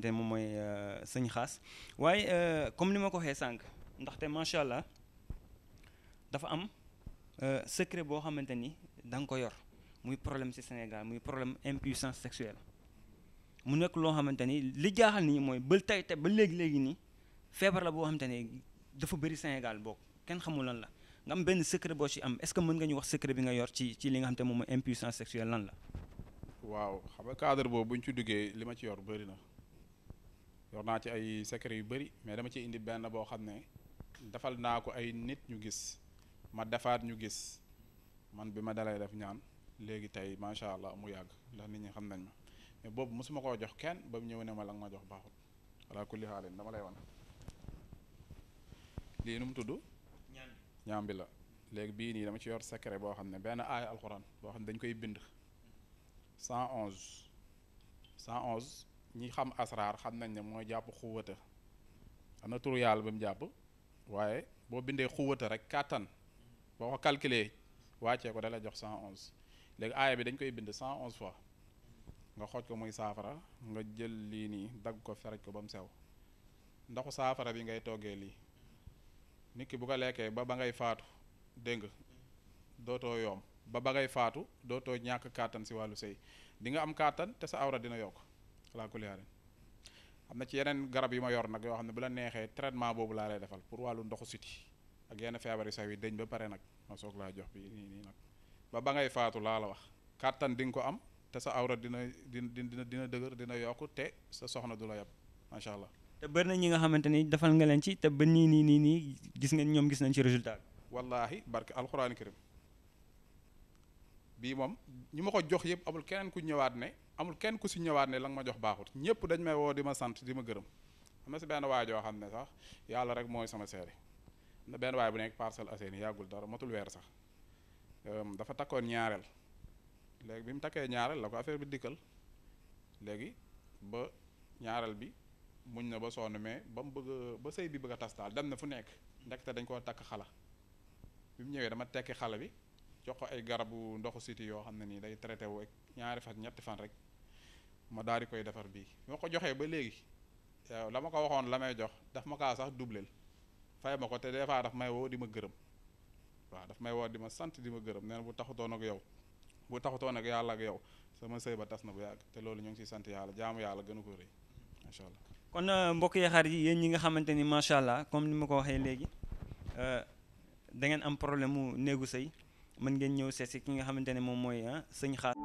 xamante ne moom mooy euh, sëñ xaas waaye euh, comme ni ma ko xee sànq ndaxte macha allah dafa am euh, secret boo xamante ni danga ko yor muy problème ci Sénégal muy problème impuissance sexuelle mu nekk loo xamante ni li jaaxal nit mooy ba tey te ba léegi léegi nii feebar la boo xamante ni dafa bëri Sénégal bokk kenn xamul lan la nga am benn secret boo ci am est-ce que mën nga ñu wax secret bi nga yor ci ci li nga xam moom mooy impuissance sexuelle lan la. waaw xam nga boobu bu ci duggee li ma ci yor bëri yor naa ci ay secret yu bëri mais dama ci indi benn boo xam ne defal naa ko ay nit ñu gis ma defaat ñu gis man bi ma dalee def ñaan léegi tey macha allah mu yàgg ndax nit ñi xam nañ ma mais boobu mosuma koo jox kenn ba mu ñëw ne ma lag ma jox baaxul ala kulli xaalin dama lay wan lii nu mu tudd ñaam la léegi bii nii dama ci yor secret boo xam ne benn aaya alxuraan boo xam ne dañ koy bind cent cent onze ñi xam asraar xam nañ ne mooy jàpp xuwata am na turu yàlla ba mu jàpp waaye boo bindee xuwata rek kàttan boo ko calculer wàccee ko dala jox cent 111 léegi aaya bi dañ koy bind 111 fois nga xooj ko muy saafara nga jël lii nii dagg ko feraj ko ba mu sew ndaxu saafara bi ngay toggee lii nit ki bu ko lekkee ba ba ngay faatu dégg nga dootoo yoom ba ba ngay faatu dootoo ñàkk kàttan si wàllu sëy di nga am kàttan te sa awra dina yokk ala kulli am na ci yeneen garab yu ma yor nag yoo xam ne bu la neexee traitement boobu laa lay defal pour wàllu ndoxu siti ak yenn feebar yi sax yi dëñ ba pare nag ma soog laa jox bi nii nii ba ba ngay faatu laa la wax kàttan di ko am te sa awra dina dina dina dëgër dina yokk te sa soxna du la yab macha allah. te bëri na ñi nga xamante ni defal nga leen te ba nii nii nii nii gis ngeen ñoom gis nañ ci résultat bi. wallaahi barke alxuraani karim bii moom ñi ma ko jox yëpp amul keneen ku ñëwaat ne amul kenn ku si ñëwaat ne la ma jox baaxut ñëpp dañ may woo di ma sant di ma gërëm am na si benn waay joo xam ne sax yàlla rek mooy sama seere am na benn waay bu nekk Parcelles Assainies yàggul dara matul weer sax dafa takkoon ñaareel léegi bi mu takkee ñaareel la ko affaire bi dikkal léegi ba ñaareel bi muñ na ba sonn mais ba mu bëgg ba sëy bi bëgg a tas daal dem na fu nekk ndekete dañ koo takk xala bi ñëwee dama tekki xala bi jox ko ay garabu ndoxu siti yoo xam ne nii day traité wu ak ñaari fan ñetti fan rek ma daal di koy defar bii ma ko joxee ba léegi yow la ma ko waxoon la may jox daf ma kaa sax dubleel fay ma ko te des fois daf may woo di ma gërëm waaw daf may woo di ma sant di ma gërëm nee bu taxutoon ak yow bu taxutoon ak yàlla ak yow sama sëy ba tas na bu yàgg te loolu ñoo ngi ciy sant yàlla jaamu yàlla gënu ko rëy macha allah. kon euh, mbokk yi yi yéen ñi nga xamante ni macha allah comme ni ma ko waxee léegi euh, da am problème mu néegu sëy mën ngeen ñëw seet si ki nga xamante ne moom mooy ah sëñ xaas